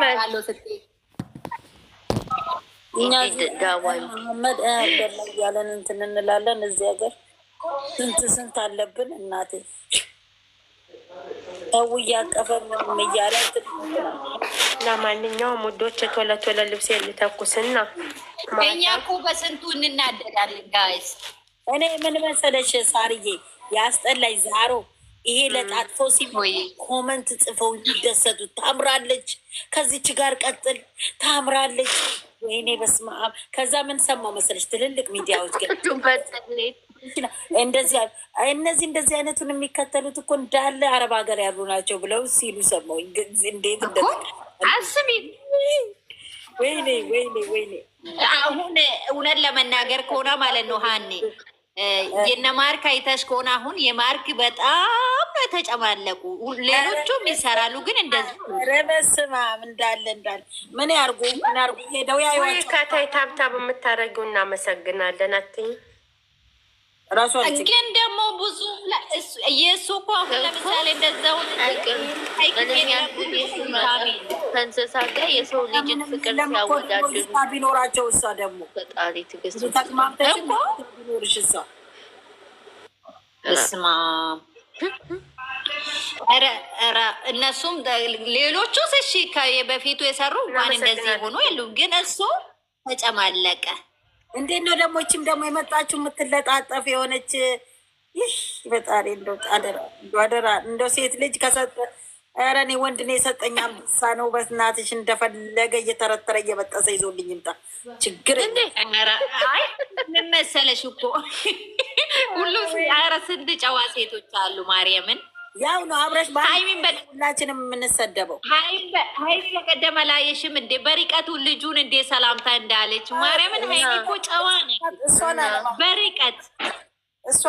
መሐመድ እንትን እንላለን። እዚህ ሀገር ስንት ስንት አለብን እናቴ ሰው እያቀፈ ምንም እያለ ለማንኛውም ውዶች ቶሎ ቶሎ ልብስ ልተኩስና እኛ እኮ በስንቱ እንናደዳለን ጋይስ። እኔ ምን መሰለሽ ሳርዬ ያስጠላኝ ዛሮ ይሄ ለጣጥፎ ሲሆይ ኮመንት ጽፈው ይደሰቱት። ታምራለች፣ ከዚች ጋር ቀጥል፣ ታምራለች። ወይኔ በስመ አብ። ከዛ ምን ሰማው መሰለች? ትልልቅ ሚዲያዎች እንደዚህ እነዚህ እንደዚህ አይነቱን የሚከተሉት እኮ እንዳለ አረብ ሀገር ያሉ ናቸው ብለው ሲሉ ሰማው። እንዴት አስቢ። ወይኔ ወይኔ ወይኔ። አሁን እውነት ለመናገር ከሆነ ማለት ነው ሀኔ የነ ማርክ አይተሽ ከሆነ አሁን የማርክ በጣም ነው የተጨማለቁ። ሌሎቹም ይሰራሉ፣ ግን እንደዚህ ረበስማ እንዳለ እንዳለ ምን ያርጉ ምን ያርጉ ሄደው ያዩ። ያዩዋቸው። ታብታብ የምታደርጊው እናመሰግናለን። አትኝ ግን ደግሞ ብዙ የእሱ እኮ አሁን ለምሳሌ እንደዛውን ከእንስሳ ጋር የሰው ልጅን ፍቅር ሲያወዳድሩ ቢኖራቸው እሷ ደግሞ ፈጣሪ ትዕግስት ቢኖርሽ እሷ እስማ እነሱም ሌሎቹ እሺ በፊቱ የሰሩ ዋን እንደዚህ ሆኖ የሉም፣ ግን እሱ ተጨማለቀ። እንዴት ነው ደግሞ ይህችም ደግሞ የመጣችው የምትለጣጠፍ የሆነች ይህ በጣሪ እንደአደራ እንደ ሴት ልጅ ከሰጠ ኧረ እኔ ወንድ ነው የሰጠኝ አንበሳ ነው። በእናትሽ እንደፈለገ እየተረተረ እየበጠሰ ይዞልኝ ይምጣ። ችግር አይ ምን መሰለሽ እኮ ሁሉ ኧረ ስንት ጨዋ ሴቶች አሉ ማርያምን ያው ነው አብረሽ ሀይሚን ሁላችንም የምንሰደበው ሀይሚ በቀደመ ላየሽም እንዴ በርቀቱ ልጁን እንዴ ሰላምታ እንዳለች ማርያምን። ሀይሚ እኮ ጨዋ ነው በርቀት እሷ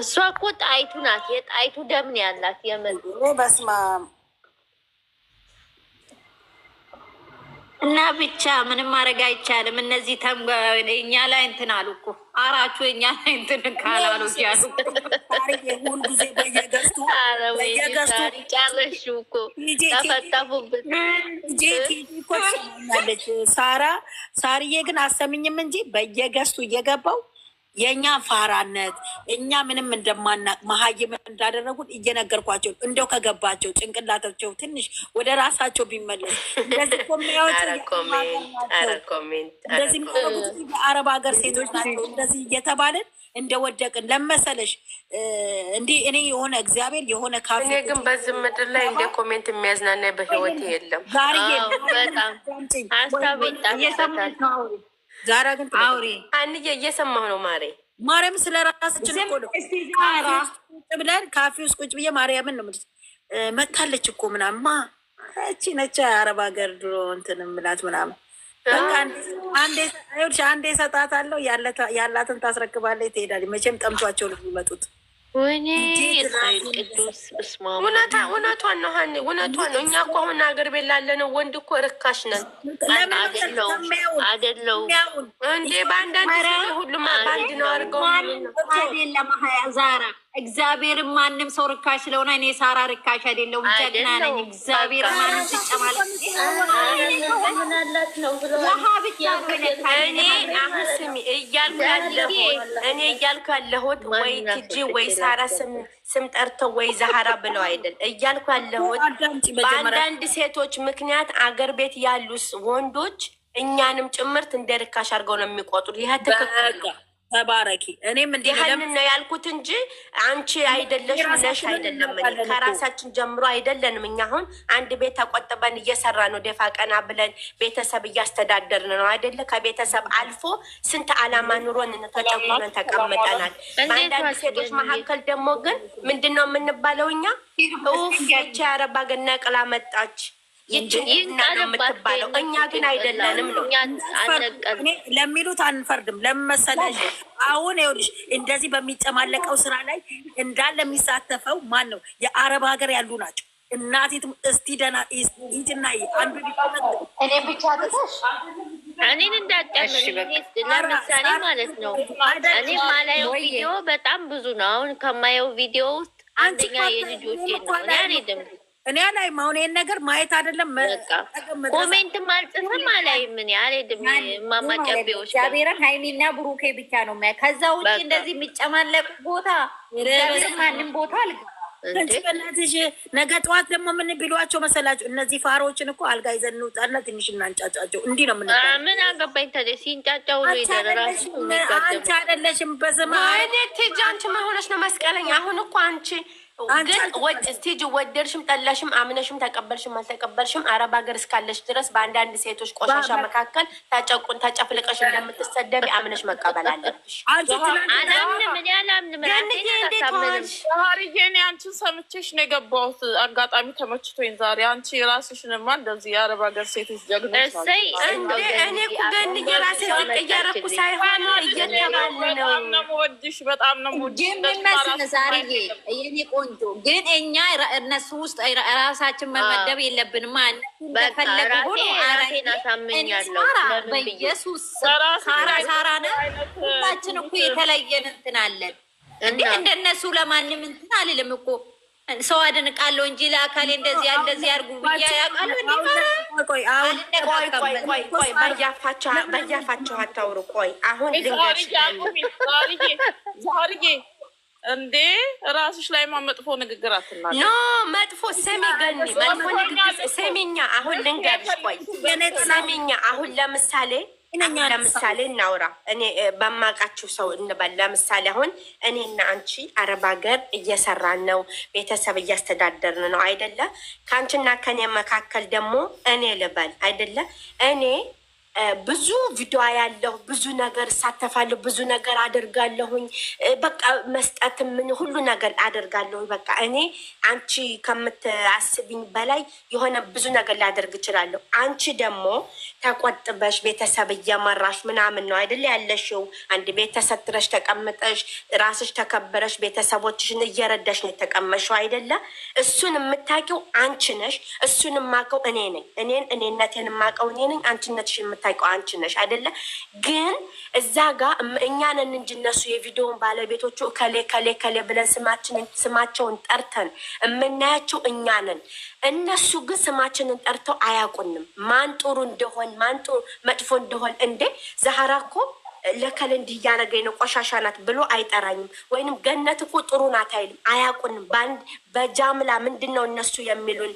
እሷ እኮ ጣይቱ ናት። የጣይቱ ደምን ያላት የመዝ በስማ እና ብቻ ምንም ማድረግ አይቻልም። እነዚህ እኛ ላይ እንትን አሉ እኮ አራቹ እኛ ላይ እንትን ካላሉ ያሉ ጨረሹ እኮ ተፈጠፉብን። ሳራ ሳርዬ ግን አሰምኝም እንጂ በየገዝቱ እየገባው የእኛ ፋራነት እኛ ምንም እንደማናቅ መሀይም እንዳደረጉን እየነገርኳቸው እንደው ከገባቸው ጭንቅላታቸው ትንሽ ወደ ራሳቸው ቢመለስ እንደዚህ እንደዚህ የአረብ ሀገር ሴቶች ናቸው እንደዚህ እየተባለን እንደወደቅን ለመሰለሽ እንዲህ እኔ የሆነ እግዚአብሔር የሆነ ካ ግን በዚህ ምድር ላይ እንደ ኮሜንት የሚያዝናና በህይወት የለም። ዛሬ በጣም ዛራ ግን አውሪ አንዬ፣ እየሰማሁ ነው ማሬ። ማርያም ስለ ራሳችን ብለን ካፌ ውስጥ ቁጭ ብዬ ማርያምን ነው መታለች እኮ ምናማ እቺ ነች አረብ ሀገር ድሮ እንትን ምላት ምናምን አንዴ ሰጣት አለው ያላትን ታስረክባለች፣ ትሄዳለች። መቼም ጠምቷቸው ነው የሚመጡት ወይኔ እስራኤል ቅዱስ እስማ እውነቷን ነው ሀኒ እውነቷን ነው። እኛ እኮ አሁን አገር ቤት ላለነው ወንድ እኮ ርካሽ ነን። አደለው እንዴ በአንዳንድ ሁሉም በአንድ ነው አድርገው ዛራ እግዚአብሔር ማንም ሰው ርካሽ ስለሆነ እኔ ሳራ ርካሽ አይደለሁም፣ ጀግና ነኝ። እግዚአብሔር ማንም እኔ እያልኩ ያለሁት ወይ ትጂ ወይ ሳራ ስም ስም ጠርተው ወይ ዛህራ ብለው አይደል እያልኩ ያለሁት። በአንዳንድ ሴቶች ምክንያት አገር ቤት ያሉ ወንዶች እኛንም ጭምርት እንደ ርካሽ አድርገው ነው የሚቆጥሩ። ይህ ትክክል ተባረኪ። እኔም እንደ ለምን ነው ያልኩት እንጂ አንቺ አይደለሽም ነሽ አይደለም። ከራሳችን ጀምሮ አይደለንም እኛ አሁን አንድ ቤት ተቆጥበን እየሰራ ነው፣ ደፋ ቀና ብለን ቤተሰብ እያስተዳደርን ነው አይደለ? ከቤተሰብ አልፎ ስንት አላማ ኑሮን ተጨቁረን ተቀምጠናል። በአንዳንድ ሴቶች መካከል ደግሞ ግን ምንድን ነው የምንባለው እኛ ውፍ ያቺ አረብ መጣች የምትባለው እኛ ግን አይደለንም ነው ለሚሉት አንፈርድም። ለመሰለሽ አሁን ይኸውልሽ እንደዚህ በሚጨማለቀው ስራ ላይ እንዳለ የሚሳተፈው ማን ነው? የአረብ ሀገር ያሉ ናቸው። እናቴት እስቲ አንዱ እኔ ብቻ እኔን ማለት ነው። እኔ ማላየው ቪዲዮ በጣም ብዙ ነው። አሁን ከማየው ቪዲዮ ውስጥ አንደኛ የልጆቼ ነው። እኔ አልሄድም እኔ ላይ ማሁን ይህን ነገር ማየት አይደለም ኮሜንትም አልጽፍም አላይም። ምን አልሄድም። ማማጨቤዎች እግዚአብሔርን ሀይሚና ብሩኬ ብቻ ነው ማ ከዛ ውጭ እንደዚህ የሚጨማለቁ ቦታ ማንም ቦታ አልገባም። በእናትሽ ነገ ጠዋት ደግሞ ምን ቢሏቸው መሰላቸው? እነዚህ ፋሮዎችን እኮ አልጋ ይዘን እንውጣና ትንሽ እናንጫጫቸው። እንዲህ ነው ምን አገባኝ ታዲያ ሲንጫጫው ነው ይደረራሱ። አንቺ አይደለሽም በስማ እኔ ቴጃ አንቺ መሆነች ነው መስቀለኛ አሁን እኮ አንቺ ግን ስቴጅ ወደድሽም ጠላሽም አምነሽም ተቀበልሽም አልተቀበልሽም አረብ ሀገር እስካለሽ ድረስ በአንዳንድ ሴቶች ቆሻሻ መካከል ታጨቁን ታጨፍልቀሽ እንደምትሰደብ አምነሽ መቀበል አለብሽ። አላምንም እኔ አላምንም ባህርዬን አንቺን ሰምቼሽ ነው የገባሁት። አጋጣሚ ተመችቶኝ ዛሬ አንቺ የራስሽንማ እንደዚህ የአረብ ሀገር ሴቶች ጀግኖች እኔ ኩገን የራሴ እያረኩ ሳይሆን በጣም ነው የምወድሽ፣ በጣም ነው የምወድሽ። የእኔ ቆንጆ ግን እኛ እነሱ ውስጥ ራሳችን መመደብ የለብንም። በፈለጉ ሆኖ በኢየሱስ ሳራ ነ ሁላችን እኮ የተለየን እንትን አለን እንዴ እንደነሱ ለማንም እንትን አልልም እኮ ሰው አደንቃለሁ እንጂ ለአካል እንደዚህ እንደዚህ አድርጉ ብዬ ያውቃለሁ። በያፋቸው አታውሩ። ቆይ አሁን ዛርዬ እንዴ ራስሽ ላይ ማ መጥፎ ንግግር አትናገር። ኖ መጥፎ ሰሚ ገኒ መጥፎ ንግግር ስሚኛ፣ አሁን ልንገርሽ። ቆይ ሰሚኛ አሁን ለምሳሌ ለምሳሌ እናውራ። እኔ በማውቃችሁ ሰው እንበል። ለምሳሌ አሁን እኔና አንቺ አረብ ሀገር እየሰራን ነው፣ ቤተሰብ እያስተዳደርን ነው አይደለ? ከአንቺና ከኔ መካከል ደግሞ እኔ ልበል አይደለ? እኔ ብዙ ቪዲዮ ያለሁ ብዙ ነገር እሳተፋለሁ፣ ብዙ ነገር አደርጋለሁኝ። በቃ መስጠት ምን ሁሉ ነገር አደርጋለሁ። በቃ እኔ አንቺ ከምትአስብኝ በላይ የሆነ ብዙ ነገር ላደርግ እችላለሁ። አንቺ ደግሞ ተቆጥበሽ ቤተሰብ እየመራሽ ምናምን ነው አይደል ያለሽው። አንድ ቤት ተሰትረሽ ተቀምጠሽ ራስሽ ተከበረሽ ቤተሰቦችሽን እየረዳሽ ነው የተቀመሽው አይደለ? እሱን የምታውቂው አንቺ ነሽ። እሱን የማውቀው እኔ ነኝ። እኔን እኔነቴን የማውቀው እኔ ነኝ። አንቺነትሽ የምታ የምታውቂው አንቺ ነሽ አይደለ? ግን እዛ ጋር እኛንን ነን እንጂ እነሱ የቪዲዮውን ባለቤቶቹ ከሌ ከሌ ከሌ ብለን ስማችንን ስማቸውን ጠርተን የምናያቸው እኛንን እነሱ ግን ስማችንን ጠርተው አያውቁንም። ማን ጥሩ እንደሆን ማን ጥሩ መጥፎ እንደሆን እንዴ ዛህራ እኮ ለከል እንዲህ እያደረገኝ ነው ቆሻሻ ናት ብሎ አይጠራኝም። ወይንም ገነት እኮ ጥሩ ናት አይልም። አያውቁንም። በአንድ በጃምላ ምንድን ነው እነሱ የሚሉን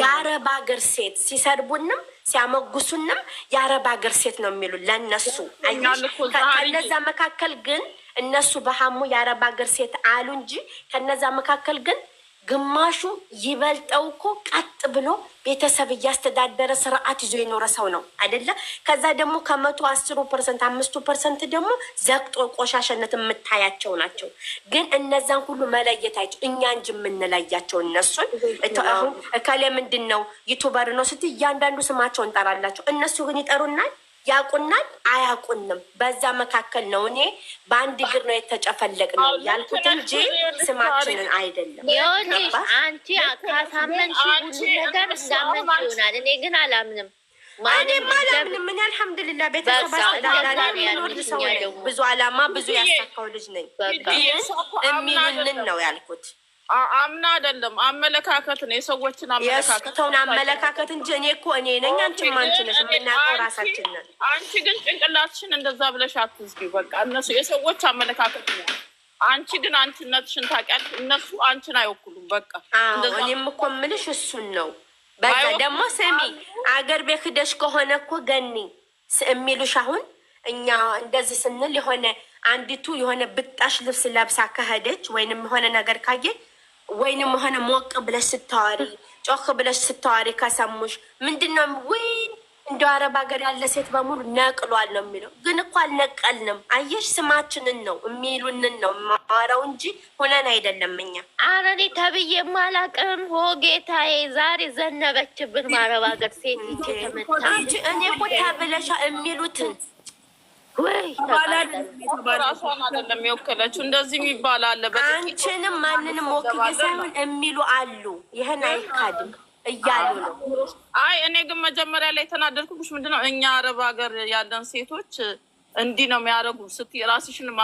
የአረብ ሀገር ሴት ሲሰድቡንም ሲያመጉሱንም የአረብ ሀገር ሴት ነው የሚሉን ለእነሱ። ከነዛ መካከል ግን እነሱ በሀሙ የአረብ ሀገር ሴት አሉ እንጂ ከነዛ መካከል ግን ግማሹ ይበልጠው እኮ ቀጥ ብሎ ቤተሰብ እያስተዳደረ ስርዓት ይዞ የኖረ ሰው ነው አይደለ? ከዛ ደግሞ ከመቶ አስሩ ፐርሰንት አምስቱ ፐርሰንት ደግሞ ዘግጦ ቆሻሸነት የምታያቸው ናቸው። ግን እነዛን ሁሉ መለየት አይቸው እኛ እንጂ የምንለያቸው እነሱን እከሌ ምንድን ነው ዩቱበር ነው ስትይ እያንዳንዱ ስማቸው እንጠራላቸው። እነሱ ግን ይጠሩናል ያቁናል አያቁንም። በዛ መካከል ነው እኔ በአንድ እግር ነው የተጨፈለቅ ነው ያልኩት እንጂ ስማችንን አይደለም። ይኸውልሽ አንቺ ካሳመንሽ ሁሉ ነገር እንዳመን ይሆናል። እኔ ግን አላምንም። እኔም አላምንም። ምን አልሐምድልላ ቤተሰብ ሰው ብዙ አላማ ብዙ ያሳካው ልጅ ነኝ የሚሉንን ነው ያልኩት። አምና አይደለም አመለካከት ነው። የሰዎችን አመለካከትን አመለካከት እንጂ እኔ እኮ እኔ ነኝ፣ አንቺም አንቺ ነሽ። የምናውቀው ራሳችን ነን። አንቺ ግን ጭንቅላትሽን እንደዛ ብለሽ አትዝጊ በቃ እነሱ የሰዎች አመለካከት ነው። አንቺ ግን አንችነትሽን ታውቂያለሽ። እነሱ አንቺን አይወክሉም። በቃ እኔም እኮ የምልሽ እሱን ነው። በቃ ደግሞ ስሚ፣ አገር ቤት ሂደሽ ከሆነ እኮ ገኒ የሚሉሽ አሁን እኛ እንደዚህ ስንል የሆነ አንዲቱ የሆነ ብጣሽ ልብስ ለብሳ ከሄደች ወይንም የሆነ ነገር ካየ ወይንም ሆነ ሞቅ ብለሽ ስታዋሪ ጮክ ብለሽ ስታዋሪ ከሰሙሽ ምንድን ነው ወይ እንደ አረብ ሀገር ያለ ሴት በሙሉ ነቅሏል ነው የሚለው። ግን እኮ አልነቀልንም። አየሽ ስማችንን ነው የሚሉንን ነው ማረው እንጂ ሁነን አይደለም። እኛ አረኔ ተብዬ ማላቅም ሆ ዛሬ ዘነበችብን ማረብ ሀገር ሴት እኔ እኮ ተብለሻ የሚሉትን ራሷን አይደለም የወከለችው። እንደዚህ የሚባል አለ። አንቺንም ማንንም ወክዬ ሳይሆን የሚሉ አሉ። ይህን አይካድም እያሉ ነው። አይ እኔ ግን መጀመሪያ ላይ የተናደድኩብሽ ምንድነው እኛ አረብ ሀገር ያለን ሴቶች እንዲህ ነው የሚያደርጉ ስት ይላሉ።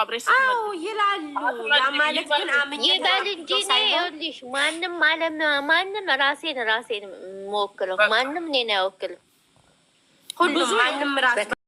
ማለት ግን ይበል እንጂ ይኸውልሽ፣ ማንም አለም ማንም ራሴን ራሴን የምወክለው ማንም እኔን አይወክልም። ሁሉ ማንም ራሴ